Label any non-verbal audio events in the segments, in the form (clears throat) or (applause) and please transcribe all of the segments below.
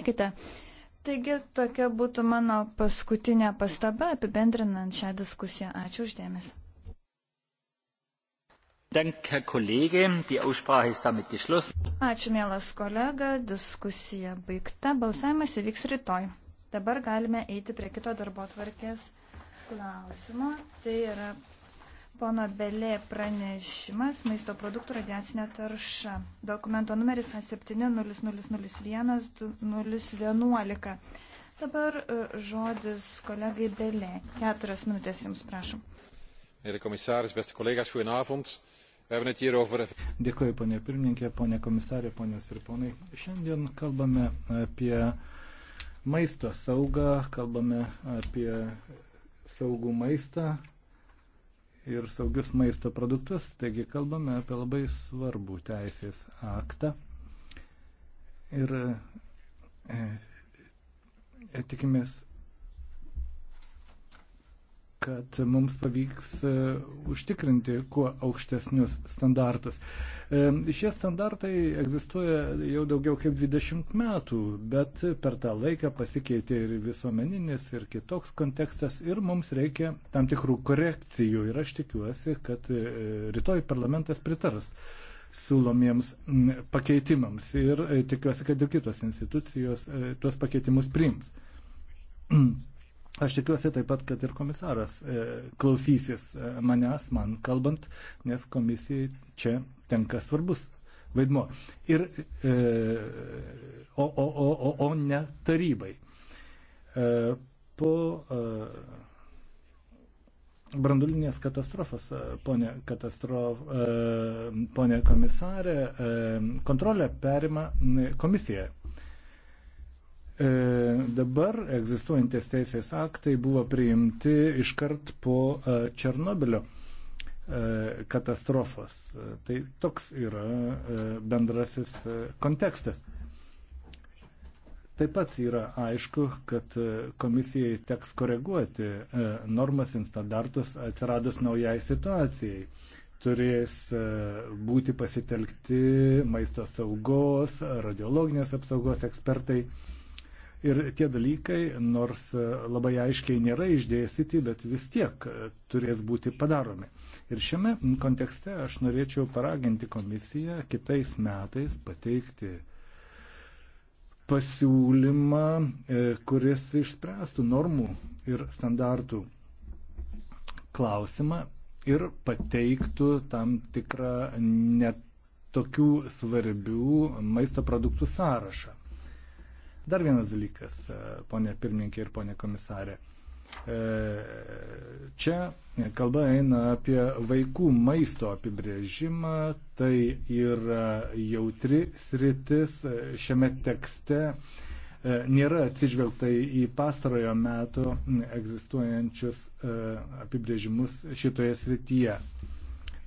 pasitikėkite. Taigi tokia būtų mano paskutinė pastaba apibendrinant šią diskusiją. Ačiū uždėmesi. Ačiū, mielas kolega, diskusija baigta, balsavimas įvyks rytoj. Dabar galime eiti prie kito darbo tvarkės klausimo. Tai yra Pono Belė pranešimas maisto produktų radiacinė tarša. Dokumento numeris A70001-011. Dabar e, žodis kolegai Belė. Keturias minutės jums prašom. Meneer de commissaris, beste collega's, goedenavond. We hebben het hier over... Dėkuoju, ponė pirmininkė, ponė komisarė, ponės ir ponai. Šiandien kalbame apie maisto saugą, kalbame apie saugų maistą, ir saugius maisto produktus. Taigi kalbame apie labai svarbų teisės aktą. Ir e, e, tikimės kad mums pavyks e, užtikrinti kuo aukštesnius standartus. E, šie standartai egzistuoja jau daugiau kaip 20 metų, bet per tą laiką pasikeitė ir visuomeninis, ir kitoks kontekstas, ir mums reikia tam tikrų korekcijų. Ir aš tikiuosi, kad e, rytoj parlamentas pritars siūlomiems pakeitimams ir tikiuosi, kad ir kitos institucijos tuos pakeitimus priims. (clears throat) Aš tikiuosi taip pat, kad ir komisaras e, klausysis e, manęs, man kalbant, nes komisijai čia tenka svarbus vaidmo. Ir, e, o, o, o, o, o ne tarybai. E, po e, brandulinės katastrofos, e, ponė, katastrof, e, ponė komisarė, e, kontrolę perima komisija. E, dabar egzistuojantis teisės aktai buvo priimti iškart po e, Černobilio e, katastrofos. Tai toks yra bendrasis kontekstas. Taip pat yra aišku, kad komisijai teks koreguoti normas ir standartus atsiradus naujai situacijai. Turės būti pasitelkti maisto saugos, radiologinės apsaugos ekspertai. Ir tie dalykai, nors labai aiškiai nėra išdėstyti, bet vis tiek turės būti padaromi. Ir šiame kontekste aš norėčiau paraginti komisiją kitais metais pateikti pasiūlymą, e, kuris išspręstų normų ir standartų klausimą ir pateiktų tam tikrą netokių svarbių maisto produktų sąrašą. Dar vienas dalykas, e, ponė pirmininkė ir ponė komisarė. E, čia kalba eina apie vaikų maisto apibrėžimą, tai yra jautri sritis šiame tekste e, nėra atsižvelgta į pastarojo metu egzistuojančius apibrėžimus šitoje srityje.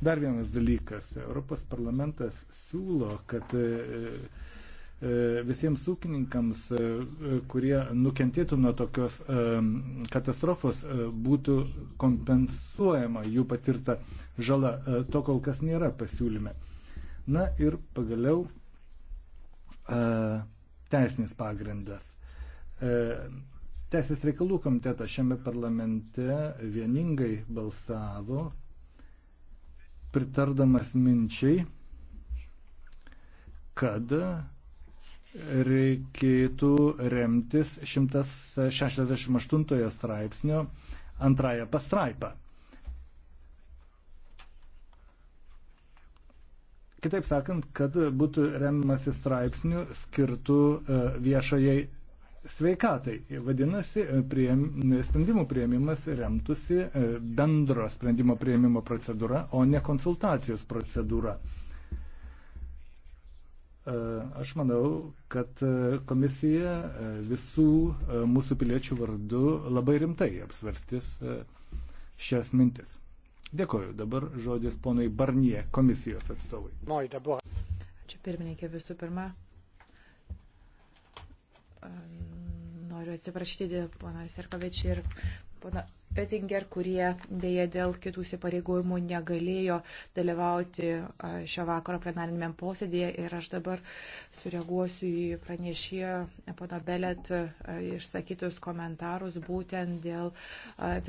Dar vienas dalykas. Europos parlamentas siūlo, kad E, visiems ūkininkams, e, kurie nukentėtų nuo tokios e, katastrofos, būtų kompensuojama jų patirta žala. To kol kas nėra pasiūlyme. Na ir pagaliau teisinis pagrindas. Teisės reikalų komitetas šiame parlamente vieningai balsavo, pritardamas minčiai, kad reikėtų remtis 168 straipsnio antrąją pastraipą. Kitaip sakant, kad būtų remiamasi straipsnių skirtų e, viešajai sveikatai. Vadinasi, e, prieim, sprendimų prieimimas remtusi e, bendro sprendimo prieimimo procedūra, o ne konsultacijos procedūra. E, aš manau, kad e, komisija e, visų mūsų piliečių vardu labai rimtai apsvarstys šias mintis. Dėkoju. Dabar žodis ponui Barnie, komisijos atstovui. Ačiū pirmininkė visų pirma. Noriu atsiprašyti dėl pono Serkovičio ir pono Oettinger, kurie dėja dėl kitų įsipareigojimų negalėjo dalyvauti šio vakaro plenarinėme posėdėje ir aš dabar sureaguosiu į pranešėjo pono Belet išsakytus komentarus būtent dėl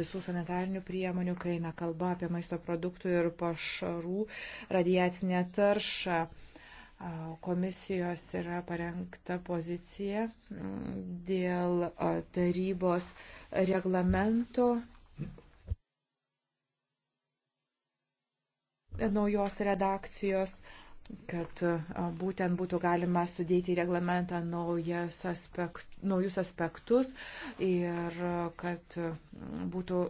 visų sanitarinių priemonių, kai eina kalba apie maisto produktų ir pašarų radiacinę taršą. Komisijos yra parengta pozicija dėl tarybos reglamento naujos redakcijos, kad e, būtent būtų galima sudėti į reglamentą aspekt, naujus aspektus ir e, kad būtų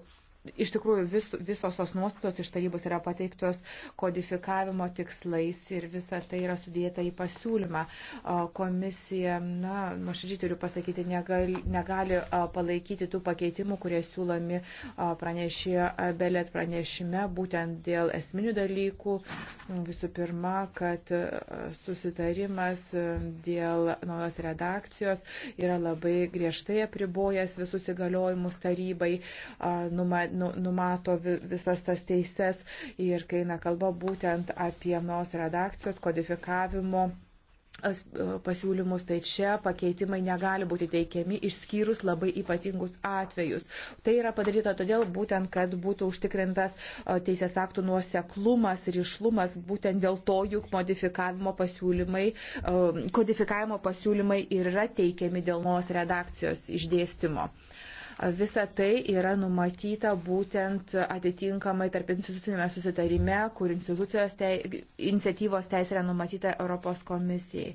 iš tikrųjų vis, visos tos nuostatos iš tarybos yra pateiktos kodifikavimo tikslais ir visa tai yra sudėta į pasiūlymą. Komisija, na, nuoširdžiai turiu pasakyti, negali, negali palaikyti tų pakeitimų, kurie siūlomi pranešė Belet pranešime, būtent dėl esminių dalykų. Visų pirma, kad susitarimas dėl naujos redakcijos yra labai griežtai apribojęs visus įgaliojimus tarybai. Numa, Nu, numato visas tas teises ir kai eina kalba būtent apie nos redakcijos kodifikavimo pasiūlymus, tai čia pakeitimai negali būti teikiami išskyrus labai ypatingus atvejus. Tai yra padaryta todėl būtent, kad būtų užtikrintas teisės aktų nuoseklumas ir išlumas, būtent dėl to juk modifikavimo pasiūlymai, kodifikavimo pasiūlymai yra teikiami dėl nuos redakcijos išdėstymo. Uh, Visa tai yra numatyta būtent atitinkamai tarp institucinėme susitarime, kur institucijos tei, iniciatyvos teisė yra numatyta Europos komisijai.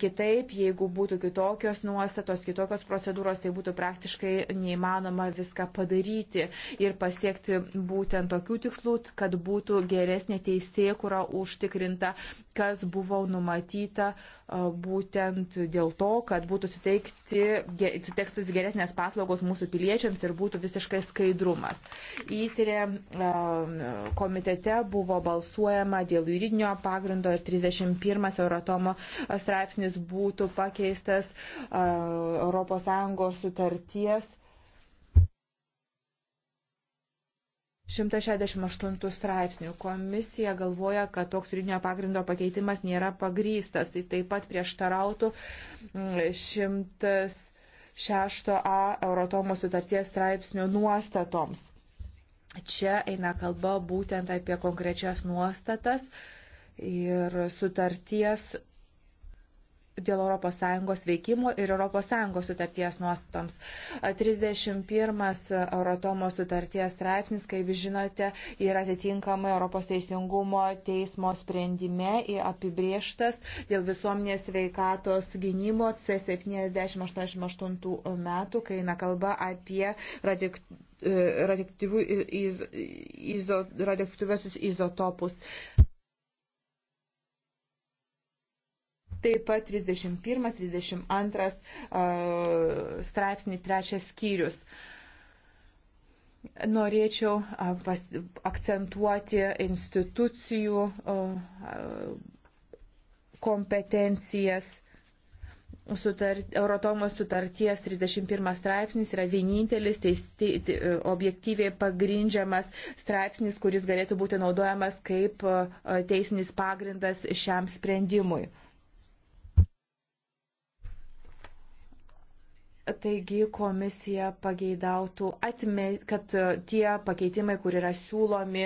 Kitaip, jeigu būtų kitokios nuostatos, kitokios procedūros, tai būtų praktiškai neįmanoma viską padaryti ir pasiekti būtent tokių tikslų, kad būtų geresnė teisėkura užtikrinta, kas buvo numatyta būtent dėl to, kad būtų suteikti, suteiktas geresnės paslaugos mūsų piliečiams ir būtų visiškai skaidrumas. Įtirė komitete buvo balsuojama dėl juridinio pagrindo ir 31 Euratomo straipsnis būtų pakeistas ES sutarties 168 straipsnių. Komisija galvoja, kad toks turinio pagrindo pakeitimas nėra pagrystas. Tai taip pat prieštarautų 100. 6a Eurotomo sutarties straipsnio nuostatoms. Čia eina kalba būtent apie konkrečias nuostatas ir sutarties dėl ES veikimo ir ES sutarties nuostams. 31 Eurotomo sutarties straipsnis, kaip žinote, yra atitinkamai Europos teisingumo teismo sprendime apibrieštas dėl visuomenės veikatos gynimo C7088 metų, kai eina kalba apie radik e, radioaktyvius izotopus. Taip pat 31-32 straipsnį trečias skyrius norėčiau pas, akcentuoti institucijų kompetencijas. Sutar, Eurotomos sutarties 31 straipsnis yra vienintelis teisti, te, objektyviai pagrindžiamas straipsnis, kuris galėtų būti naudojamas kaip teisinis pagrindas šiam sprendimui. Taigi komisija pageidautų, atme, kad e, tie pakeitimai, kur yra siūlomi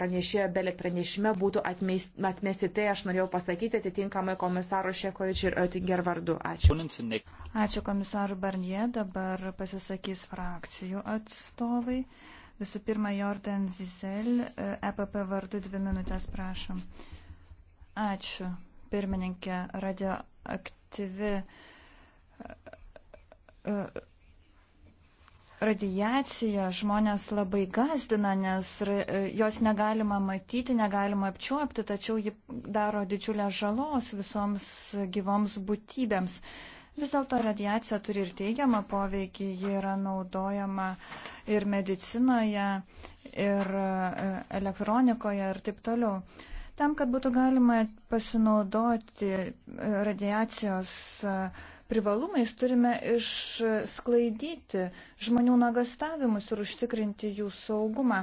pranešėjo belėt pranešime, būtų atmesti. Tai aš norėjau pasakyti atitinkamai komisaro Šekovič ir Oettinger vardu. Ačiū. Ačiū komisarų Barnie. Dabar pasisakys frakcijų atstovai. Visų pirma, Jordan Zizel, EPP e vardu dvi minutės, prašom. Ačiū. Pirmininkė, radioaktyvi radiacija žmonės labai gazdina, nes jos negalima matyti, negalima apčiuopti, tačiau ji daro didžiulę žalos visoms gyvoms būtybėms. Vis dėlto radiacija turi ir teigiamą poveikį, ji yra naudojama ir medicinoje, ir e, elektronikoje ir taip toliau. Tam, kad būtų galima pasinaudoti e, radiacijos uh, privalumais turime išsklaidyti žmonių nagastavimus ir užtikrinti jų saugumą.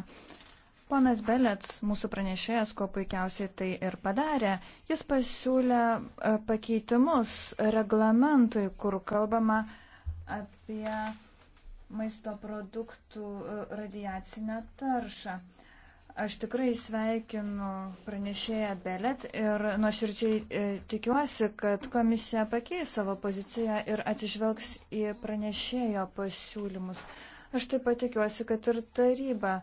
Ponas Belets, mūsų pranešėjas, ko puikiausiai tai ir padarė, jis pasiūlė e, pakeitimus reglamentui, kur kalbama apie maisto produktų e, radiacinę taršą. Aš tikrai sveikinu pranešėją Belet ir nuoširdžiai e, tikiuosi, kad komisija pakeis savo poziciją ir atsižvelgs į pranešėjo pasiūlymus. Aš taip pat tikiuosi, kad ir taryba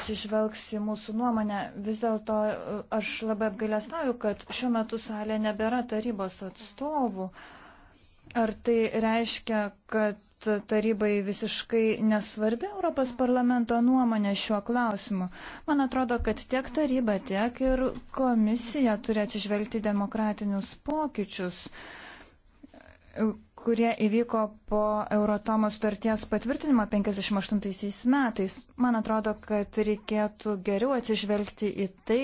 atsižvelgs į mūsų nuomonę. Vis dėlto e, aš labai apgailestauju, kad šiuo metu salėje nebėra tarybos atstovų. Ar tai reiškia, kad kad tarybai visiškai nesvarbi Europos parlamento nuomonė šiuo klausimu. Man atrodo, kad tiek taryba, tiek ir komisija turi atsižvelgti demokratinius pokyčius kurie įvyko po Euratomo sutarties patvirtinimo 58 metais. Man atrodo, kad reikėtų geriau atsižvelgti į tai,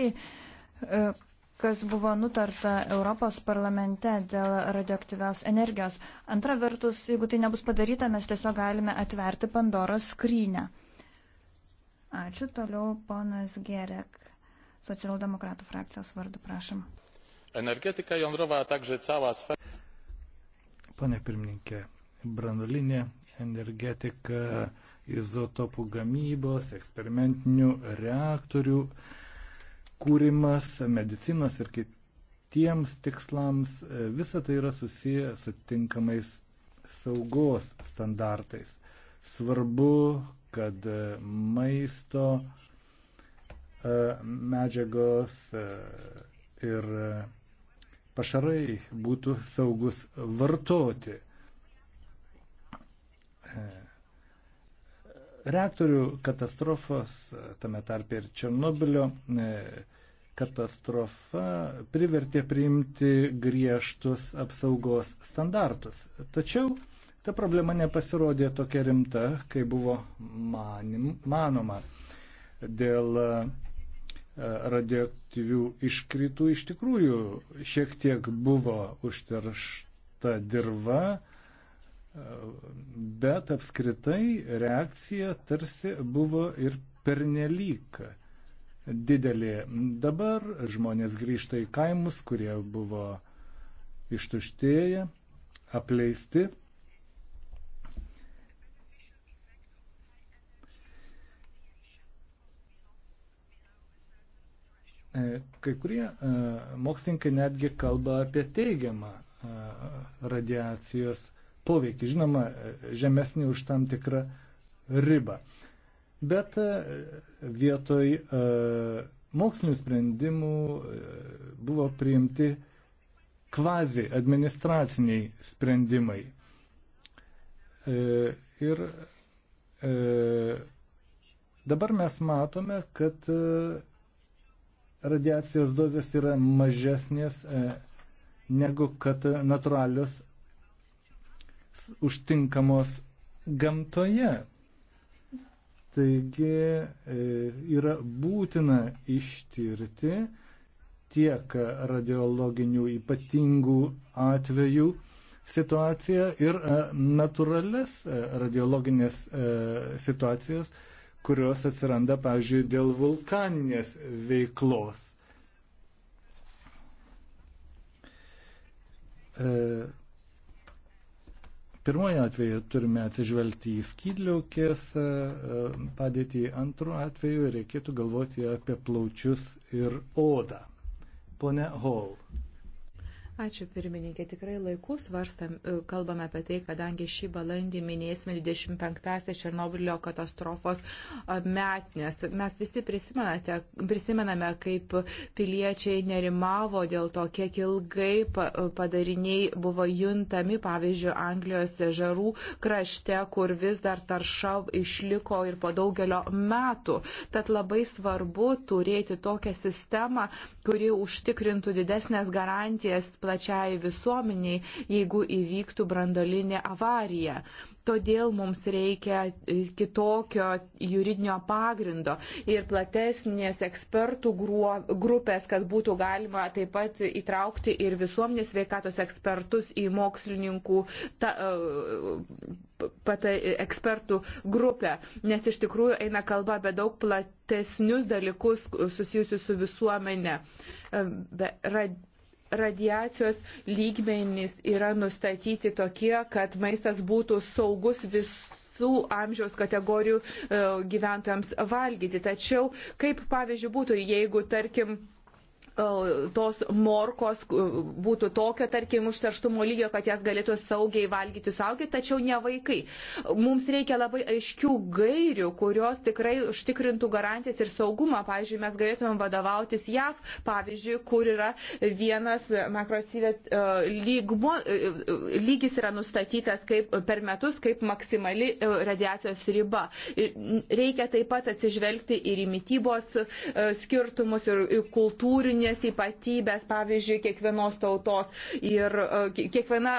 kas buvo nutarta Europos parlamente dėl radioaktyvios energijos. Antra vertus, jeigu tai nebus padaryta, mes tiesiog galime atverti Pandoros skrynę. Ačiū toliau, ponas Gerek, socialdemokratų frakcijos vardu, prašom. Energetika jondrova, a także cała sfera. Pane pirmininkė, branduolinė energetika, izotopų gamybos, eksperimentinių reaktorių. Mm atkūrimas medicinos ir kitiems tikslams, e, visa tai yra susiję su tinkamais saugos standartais. Svarbu, kad e, maisto e, medžiagos ir pašarai būtų saugus vartoti. Reaktorių katastrofos, tame tarpe ir Černobilio, katastrofa privertė priimti griežtus apsaugos standartus. Tačiau ta problema nepasirodė tokia rimta, kaip buvo manim, manoma. Dėl e, radioaktyvių iškritų iš tikrųjų šiek tiek buvo užteršta dirba, e, bet apskritai reakcija tarsi buvo ir pernelyka didelė. Dabar žmonės grįžta į kaimus, kurie buvo ištuštėję, apleisti. E, kai kurie e, mokslininkai netgi kalba apie teigiamą e, radiacijos poveikį, žinoma, žemesnį už tam tikrą ribą. Bet e, vietoj e, mokslinių sprendimų e, buvo priimti kvazi administraciniai sprendimai. Ir dabar mes matome, kad radiacijos dozės yra mažesnės negu kad natūralios užtinkamos gamtoje. Taigi e, yra būtina ištirti tiek radiologinių ypatingų atvejų situaciją ir e, natūrales e, radiologinės situacijas, kurios atsiranda, pavyzdžiui, dėl vulkaninės veiklos. Pirmojo atveju turime atsižvelgti į skydliaukės e, padėtį, antru atveju reikėtų galvoti apie plaučius ir odą. Pone Hall. Ačiū pirmininkė, tikrai laikų svarstam, e, kalbame apie tai, kadangi šį balandį minėsime 25-ąją Černobilio katastrofos e, metnės. Mes visi prisimename, kaip piliečiai nerimavo dėl to, kiek ilgai e, padariniai buvo juntami, pavyzdžiui, Anglijos žarų krašte, kur vis dar tarša išliko ir po daugelio metų. Tad labai svarbu turėti tokią sistemą, kuri užtikrintų didesnės garantijas plačiai visuomeniai, jeigu įvyktų brandolinė avarija. Todėl mums reikia e, kitokio juridinio pagrindo ir platesnės ekspertų grupės, kad būtų galima taip pat įtraukti ir visuomenės veikatos ekspertus į mokslininkų ta, e, pata, e, ekspertų grupę, nes iš tikrųjų eina kalba apie daug platesnius dalykus susijusius su visuomenė. Be, rad, radiacijos lygmenys yra nustatyti tokie, kad maistas būtų saugus visų visų amžiaus kategorijų e, gyventojams valgyti. Tačiau kaip pavyzdžiui būtų, jeigu, tarkim, tos morkos būtų tokio, tarkim, užterštumo lygio, kad jas galėtų saugiai valgyti saugiai, tačiau ne vaikai. Mums reikia labai aiškių gairių, kurios tikrai užtikrintų garantijas ir saugumą. Pavyzdžiui, mes galėtumėm vadovautis JAV, pavyzdžiui, kur yra vienas makrosivėt e, lygmo, e, e, lygis yra nustatytas kaip per metus kaip maksimali radiacijos riba. Reikia taip pat atsižvelgti ir į mytybos skirtumus, ir į kultūrinį kultūrinės ypatybės, pavyzdžiui, kiekvienos tautos. Ir e, kiekviena,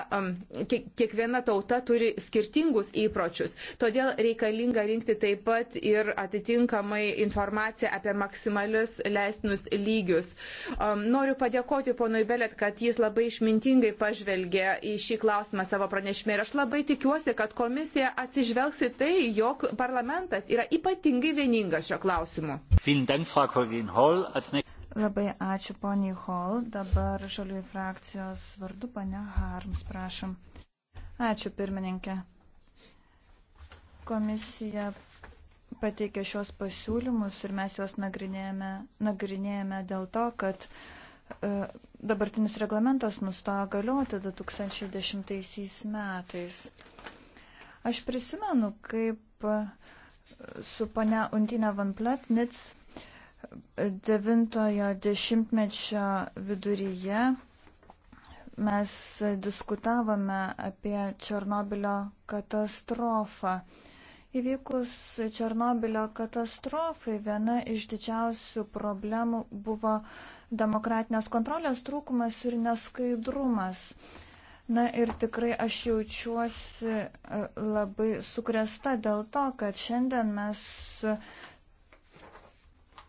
kiekviena tauta turi skirtingus įpročius. Todėl reikalinga rinkti taip pat ir atitinkamai informaciją apie maksimalius leistinus lygius. Noriu padėkoti ponui Belet, kad jis labai išmintingai pažvelgė į šį klausimą savo pranešime. Ir aš labai tikiuosi, kad komisija atsižvelgsi tai, jog parlamentas yra ypatingai vieningas šio klausimu. Vielen Dank, Frau Kollegin Hall. Als Labai ačiū poniai Hall. Dabar žaliųjų frakcijos vardu ponia Harms, prašom. Ačiū pirmininkė. Komisija pateikė šios pasiūlymus ir mes juos nagrinėjame, nagrinėjame dėl to, kad e, dabartinis reglamentas nustojo galioti 2010 metais. Aš prisimenu, kaip e, su ponia Undina Van Platnitz devintojo dešimtmečio viduryje mes diskutavome apie Černobilio katastrofą. Įvykus Černobilio katastrofai viena iš didžiausių problemų buvo demokratinės kontrolės trūkumas ir neskaidrumas. Na ir tikrai aš jaučiuosi e, labai sukresta dėl to, kad šiandien mes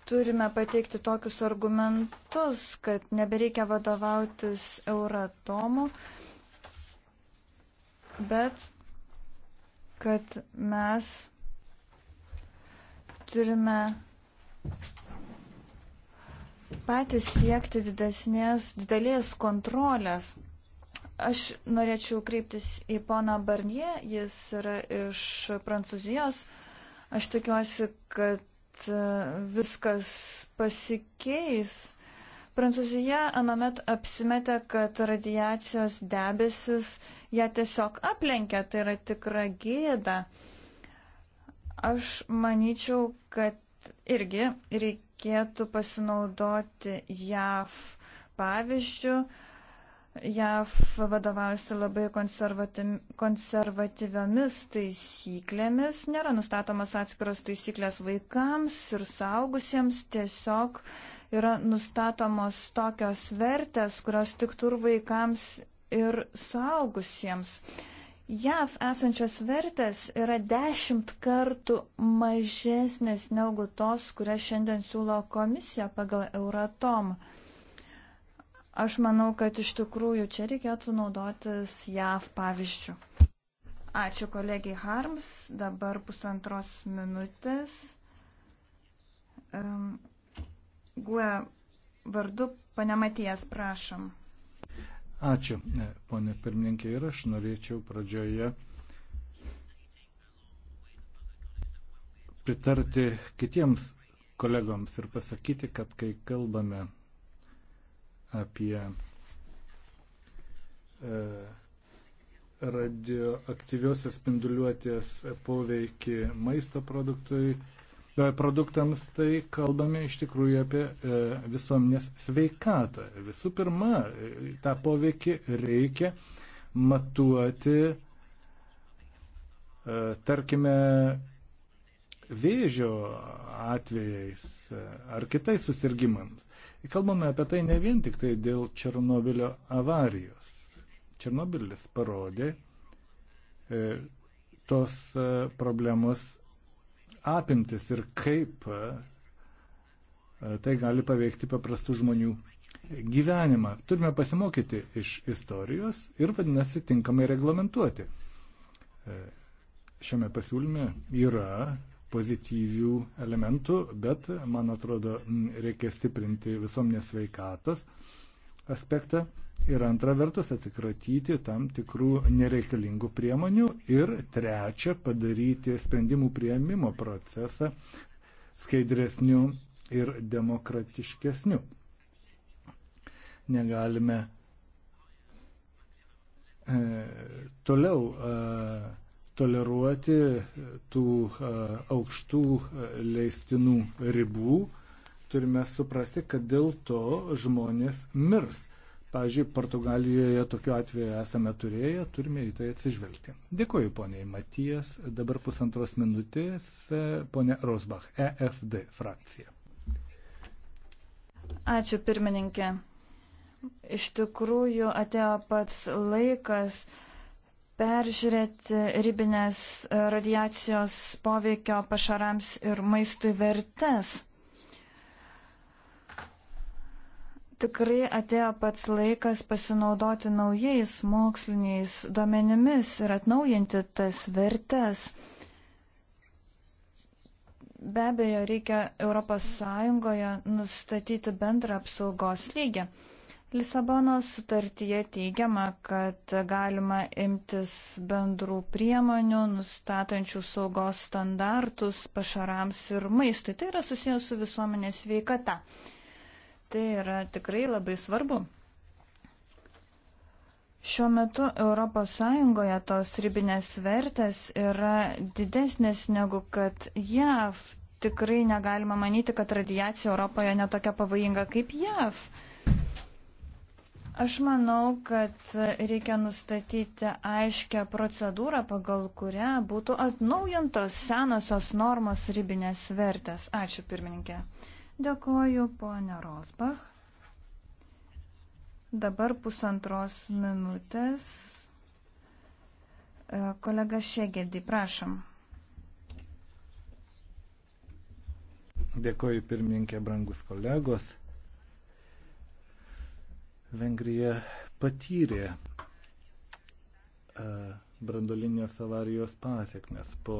turime pateikti tokius argumentus, kad nebereikia vadovautis Euratomu, bet kad mes turime patys siekti didesnės, didelės kontrolės. Aš norėčiau kreiptis į poną Barnie, jis yra iš Prancūzijos. Aš tikiuosi, kad E, viskas pasikeis. Prancūzija anomet apsimetė, kad radiacijos debesis ją tiesiog aplenkė, tai yra tikra gėda. Aš manyčiau, kad irgi reikėtų pasinaudoti JAV pavyzdžių. JAV vadovaujasi labai konservatyviomis taisyklėmis, nėra nustatomas atskiros taisyklės vaikams ir saugusiems, tiesiog yra nustatomos tokios vertės, kurios tiktų ir vaikams ir saugusiems. JAV esančios vertės yra dešimt kartų mažesnės negu tos, kurias šiandien siūlo komisija pagal Euratom. Uh, Aš manau, kad iš tikrųjų čia reikėtų naudotis JAV pavyzdžių. Ačiū kolegiai Harms. Dabar pusantros minutės. Um, Gue vardu panematijas, prašom. Ačiū, e, ponė pirmininkė, ir aš norėčiau pradžioje pritarti kitiems kolegoms ir pasakyti, kad kai kalbame apie e, radioaktyviosios spinduliuotės poveikį maisto produktui, e, produktams, tai kalbame iš tikrųjų apie e, visuomenės sveikatą. Visų pirma, tą poveikį reikia matuoti, tarkime, vėžio atvejais ar kitais susirgymams. Kalbame apie tai ne vien tik tai dėl Černobilio avarijos. Černobilis parodė e, tos e, problemos apimtis ir kaip e, tai gali paveikti paprastų žmonių gyvenimą. Turime pasimokyti iš istorijos ir vadinasi tinkamai reglamentuoti. E, šiame pasiūlyme yra pozityvių elementų, bet, man atrodo, reikia stiprinti visuomenės veikatos aspektą ir antra vertus atsikratyti tam tikrų nereikalingų priemonių ir trečia padaryti sprendimų prieimimo procesą skaidresniu ir demokratiškesniu. Negalime e, toliau e, toleruoti tų aukštų leistinų ribų, turime suprasti, kad dėl to žmonės mirs. Pavyzdžiui, Portugalijoje tokiu atveju esame turėję, turime į tai atsižvelgti. Dėkuoju poniai Matijas, dabar pusantros minutės e, ponė Rosbach, EFD frakcija. Ačiū pirmininkė. Iš tikrųjų atėjo pats laikas uh, peržiūrėti ribinės e, radiacijos poveikio pašarams ir maistui vertes. Tikrai atėjo pats laikas pasinaudoti naujais moksliniais duomenimis ir atnaujinti tas vertes. Be abejo, reikia ES nustatyti bendrą apsaugos lygį. Lisabonos sutartyje teigiama, kad galima imtis bendrų priemonių, nustatančių saugos standartus pašarams ir maistui. Tai yra susijęs su visuomenės veikata. Tai yra tikrai labai svarbu. Šiuo metu ES tos ribinės vertės yra didesnės negu kad JAV. Tikrai negalima manyti, kad radiacija Europoje netokia pavojinga kaip JAV. Aš manau, kad reikia nustatyti aiškę procedūrą, pagal kurią būtų atnaujintos senosios normos ribinės vertės. Ačiū pirmininkė. Dėkoju, ponė Rosbach. Dabar pusantros minutės. E, kolega Šegedį, prašom. Dėkoju pirmininkė, brangus kolegos. Vengrija patyrė e, brandolinės avarijos pasiekmes po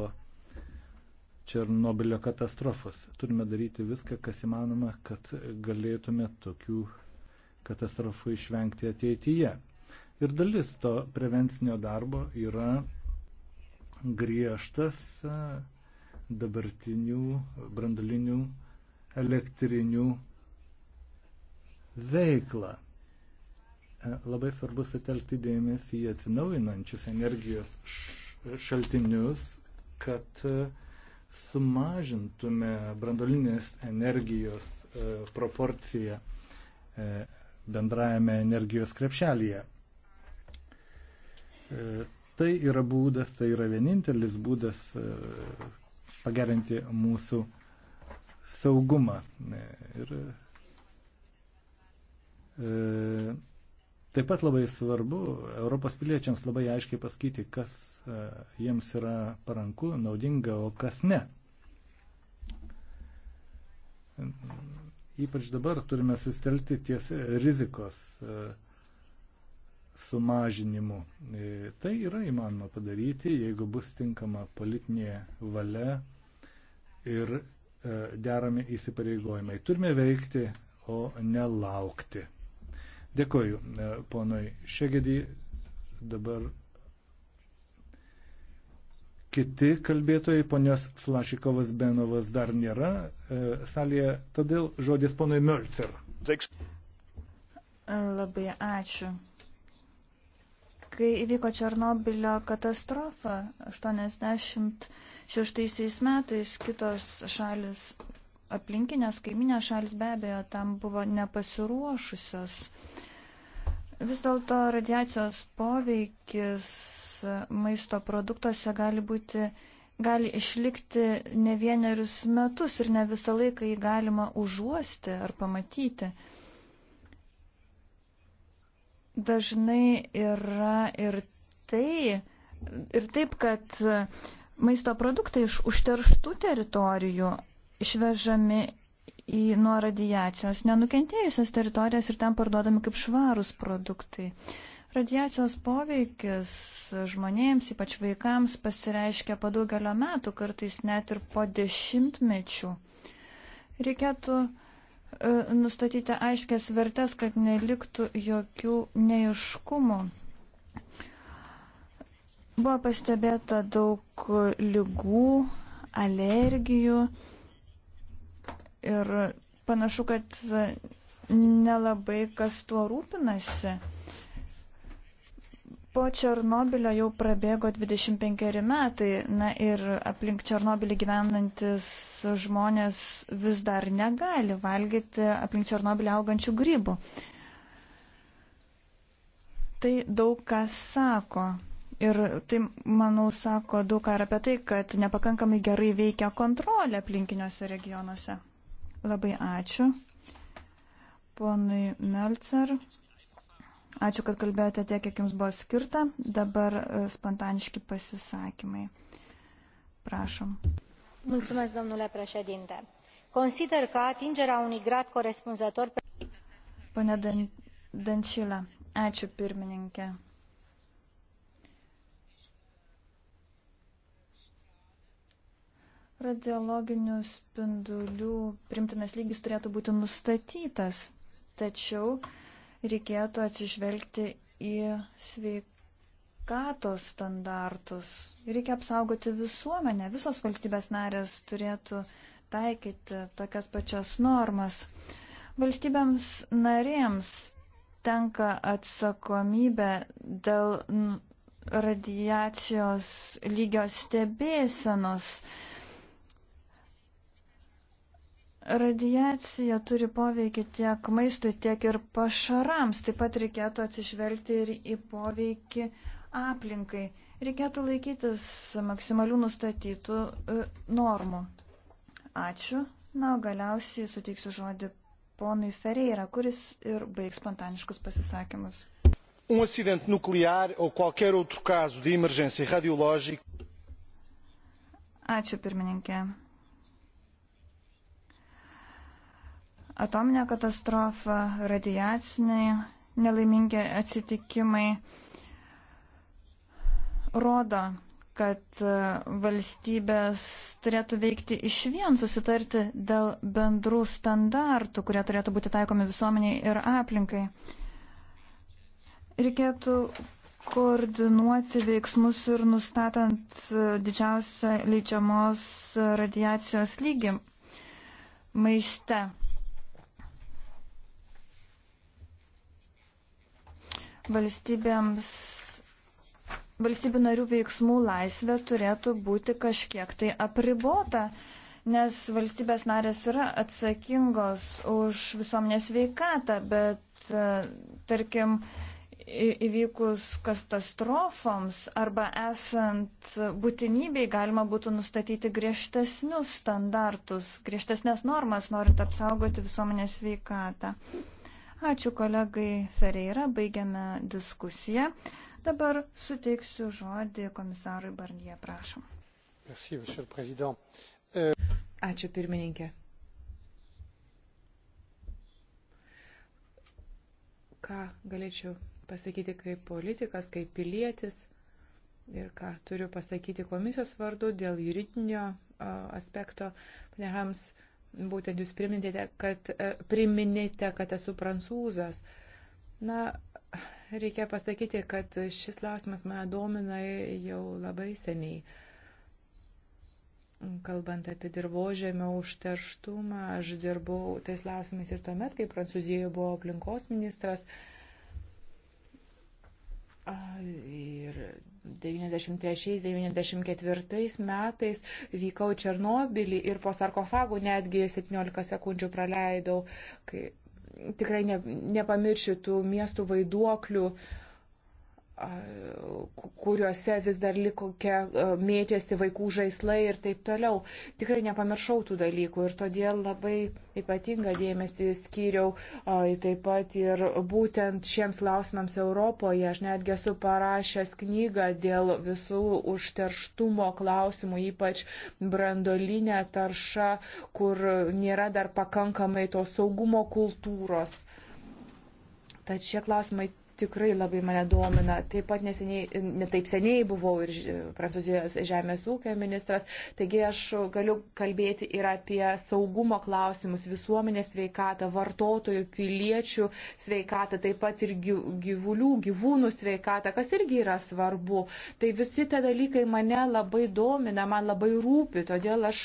Černobilio katastrofos. Turime daryti viską, kas įmanoma, kad galėtume tokių katastrofų išvengti ateityje. Ir dalis to prevencinio darbo yra griežtas e, dabartinių brandolinių elektrinių veiklą. E, labai svarbu sutelkti dėmesį į atsinaujinančius energijos šaltinius, kad e, sumažintume brandolinės energijos e, proporciją bendrajame energijos krepšelėje. Tai yra būdas, tai yra vienintelis būdas pagerinti mūsų saugumą. Ir Taip pat labai svarbu Europos piliečiams labai aiškiai pasakyti, kas e, jiems yra paranku, naudinga, o kas ne. Ypač dabar turime sustelti ties rizikos e, sumažinimu. E, tai yra įmanoma padaryti, jeigu bus tinkama politinė valia ir derami įsipareigojimai. Turime veikti, o ne laukti. Dėkoju, e, ponui Šegedį. Dabar kiti kalbėtojai, ponios Flašikovas Benovas dar nėra e, salėje, todėl žodis ponui Mölcer. Labai ačiū. Kai įvyko Černobilio katastrofa 86 metais, kitos šalis aplinkinės kaiminės šalis be abejo tam buvo nepasiruošusios. Vis dėlto radiacijos poveikis maisto produktuose gali būti, gali išlikti ne vienerius metus ir ne visą laiką jį galima užuosti ar pamatyti. Dažnai yra ir tai, ir taip, kad maisto produktai iš užterštų teritorijų išvežami į nuo radiacijos nenukentėjusias teritorijas ir ten parduodami kaip švarūs produktai. Radiacijos poveikis žmonėms, ypač vaikams, pasireiškia po daugelio metų, kartais net ir po dešimtmečių. Reikėtų e, nustatyti aiškias vertes, kad neliktų jokių neiškumų. Buvo pastebėta daug lygų, alergijų Ir panašu, kad nelabai kas tuo rūpinasi. Po Černobilio jau prabėgo 25 metai, na ir aplink Černobilį gyvenantis žmonės vis dar negali valgyti aplink Černobilį augančių grybų. Tai daug kas sako. Ir tai, manau, sako daug ką ir apie tai, kad nepakankamai gerai veikia kontrolė aplinkiniuose regionuose. Labai ačiū. Ponui Melcer, ačiū, kad kalbėjote tiek, kiek jums buvo skirta. Dabar e, spontaniški pasisakymai. Prašom. Mulțumesc, domnule președinte. Consider că atingerea unui grad corespunzător. Pane Dan Dančila, ačiū pirmininkė. Radiologinių spindulių primtinas lygis turėtų būti nustatytas, tačiau reikėtų atsižvelgti į sveikatos standartus. Reikia apsaugoti visuomenę. Visos valstybės narės turėtų taikyti tokias pačias normas. Valstybėms narėms tenka atsakomybė dėl radiacijos lygios stebėsenos. Radiacija turi poveikį tiek maistui, tiek ir pašarams. Taip pat reikėtų atsižvelgti ir į poveikį aplinkai. Reikėtų laikytis maksimalių nustatytų e, normų. Ačiū. Na, galiausiai suteiksiu žodį ponui Ferreira, kuris ir baigs spontaniškus pasisakymus. Um acidente nuclear ou qualquer outro caso de emergência radiológica. Ačiū pirmininkė. atominė katastrofa, radiaciniai nelaimingi atsitikimai rodo, kad e, valstybės turėtų veikti iš vien, susitarti dėl bendrų standartų, kurie turėtų būti taikomi visuomeniai ir aplinkai. Reikėtų koordinuoti veiksmus ir nustatant e, didžiausią leidžiamos radiacijos lygį maiste. valstybėms, valstybių narių veiksmų laisvė turėtų būti kažkiek tai apribota, nes valstybės narės yra atsakingos už visuomenės veikatą, bet e, tarkim, įvykus katastrofoms arba esant būtinybei galima būtų nustatyti griežtesnius standartus, griežtesnės normas, norint apsaugoti visuomenės veikatą. Ačiū kolegai Ferreira, baigiame diskusiją. Dabar suteiksiu žodį komisarui Barnie, prašom. Euh, Ačiū pirmininkė. Ką galėčiau pasakyti kaip politikas, kaip pilietis ir ką turiu pasakyti komisijos vardu dėl juridinio aspekto. Pane Hams, uh, Būtent jūs priminėte, kad, e, priminėte, kad esu prancūzas. Na, reikia pasakyti, kad šis klausimas mane domina jau labai seniai. Kalbant apie dirbožėmio užterštumą, aš dirbau tais klausimais ir tuomet, kai Prancūzijoje buvo aplinkos ministras. Uh, Ir 93-94 metais vykau Černobilį ir po sarkofagų netgi 17 sekundžių praleidau. Kai, tikrai ne, nepamiršiu tų miestų vaiduoklių. Uh, kuriuose vis dar likokia mėtėsi vaikų žaislai ir taip toliau. Tikrai nepamiršau tų dalykų ir todėl labai ypatingą dėmesį skyriau taip pat ir būtent šiems klausimams Europoje. Aš netgi esu parašęs knygą dėl visų užterštumo klausimų, ypač brandolinė tarša, kur nėra dar pakankamai to saugumo kultūros. Tad šie klausimai tikrai labai mane domina. Taip pat neseniai, netaip seniai buvau ir Prancūzijos žemės ūkio ministras, taigi aš galiu kalbėti ir apie saugumo klausimus, visuomenės sveikatą, vartotojų, piliečių sveikatą, taip pat ir gyvulių, gyvūnų sveikatą, kas irgi yra svarbu. Tai visi tie dalykai mane labai domina, man labai rūpi, todėl aš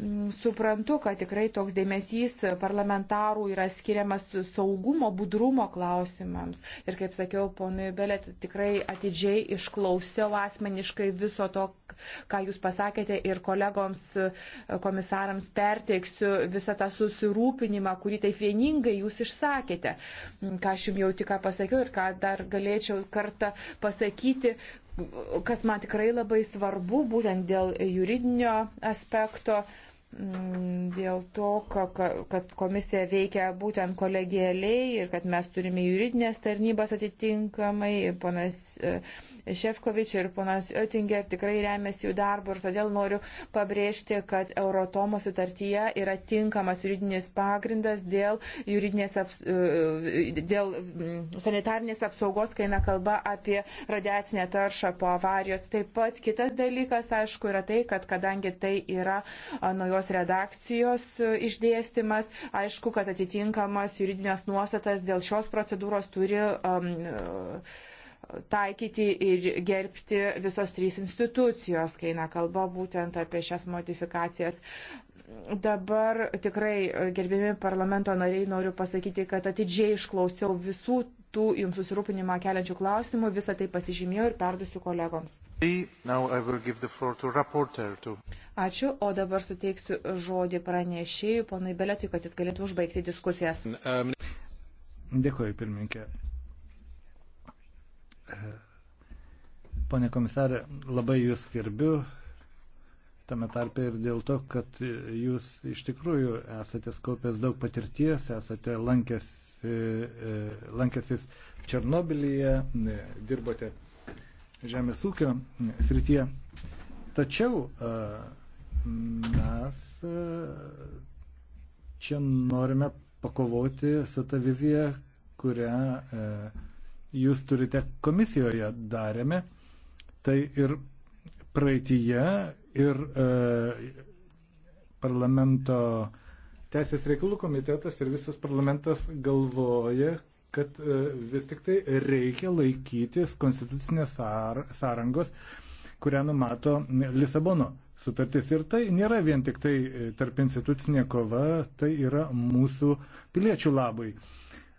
Mm, suprantu, kad tikrai toks dėmesys parlamentarų yra skiriamas saugumo, budrumo klausimams. Ir kaip sakiau, ponui Belėt, tikrai atidžiai išklausiau asmeniškai viso to, ką jūs pasakėte ir kolegoms komisarams perteiksiu visą tą susirūpinimą, kurį taip vieningai jūs išsakėte. Mm, ką aš jums jau tik pasakiau ir ką dar galėčiau kartą pasakyti, kas man tikrai labai svarbu, būtent dėl juridinio aspekto, mm, dėl to, kad komisija veikia būtent kolegialiai ir kad mes turime juridinės tarnybas atitinkamai, ponas e, Šefkovič ir ponas Oettinger tikrai remiasi jų darbu ir todėl noriu pabrėžti, kad Euratomo sutartyje yra tinkamas juridinis pagrindas dėl, juridinės, e, dėl mm, sanitarnės apsaugos, kai eina kalba apie radiacinę taršą po avarijos. Taip pat kitas dalykas, aišku, yra tai, kad kadangi tai yra naujos redakcijos e, išdėstymas, aišku, kad atitinkamas juridinės nuostatas dėl šios procedūros turi um, taikyti ir gerbti visos trys institucijos, kai eina kalba būtent apie šias modifikacijas. Dabar tikrai, gerbimi parlamento nariai, noriu pasakyti, kad atidžiai išklausiau visų tų jums susirūpinimą keliančių klausimų, visą tai pasižymėjau ir perdusiu kolegoms. Ačiū, o dabar suteiksiu žodį pranešėjui, ponui Beletui, kad jis galėtų užbaigti diskusijas. Dėkuoju, pirmininkė. Pone komisarė, labai jūs skirbiu, tame tarpe ir dėl to, kad jūs iš tikrųjų esate skaupęs daug patirties, esate lankęs, e, e, lankęsis Černobilyje, e, dirbote žemės ūkio srityje. Tačiau mes čia norime pakovoti su ta vizija, kurią jūs turite komisijoje darėme, tai ir praeitįje, ir e, parlamento teisės reikalų komitetas ir visas parlamentas galvoja, kad e, vis tik tai reikia laikytis konstitucinės sąr sąrangos, kurią numato Lisabono sutartis. Ir tai nėra vien tik tai e, tarp institucinė kova, tai yra mūsų piliečių labai.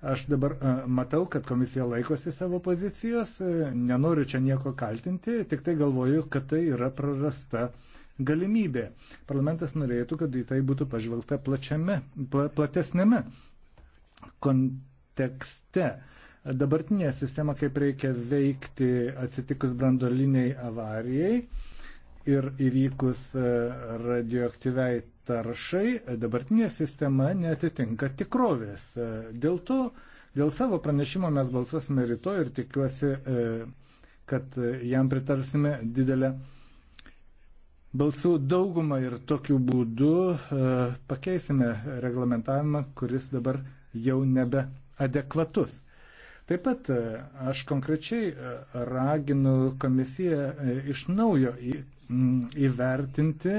Aš dabar e, matau, kad komisija laikosi savo pozicijos, e, nenoriu čia nieko kaltinti, tik tai galvoju, kad tai yra prarasta galimybė. Parlamentas norėtų, kad į tai būtų pažvelgta plačiame, platesnėme kontekste. Dabartinė sistema, kaip reikia veikti atsitikus brandoliniai avarijai, ir įvykus e, radioaktyviai taršai e, dabartinė sistema netitinka tikrovės. E, dėl to, dėl savo pranešimo mes balsuosime rytoj ir tikiuosi, kad jam pritarsime didelę balsų daugumą ir tokiu būdu pakeisime reglamentavimą, kuris dabar jau nebe adekvatus. Taip pat aš konkrečiai raginu komisiją iš naujo Mm, įvertinti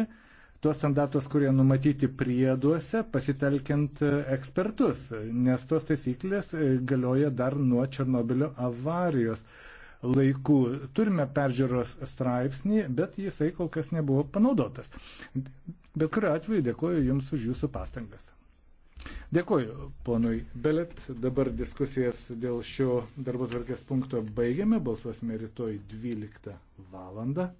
tuos standartus, kurie numatyti prieduose, pasitelkiant e, ekspertus, nes tuos taisyklės e, galioja dar nuo Černobilio avarijos laikų. Turime peržiūros straipsnį, bet jisai kol kas nebuvo panaudotas. Bet kuriu atveju dėkoju Jums už Jūsų pastangas. Dėkoju ponui Belet. Dabar diskusijas dėl šio darbo tvarkės punkto baigiame. Balsuosime rytoj 12 valandą.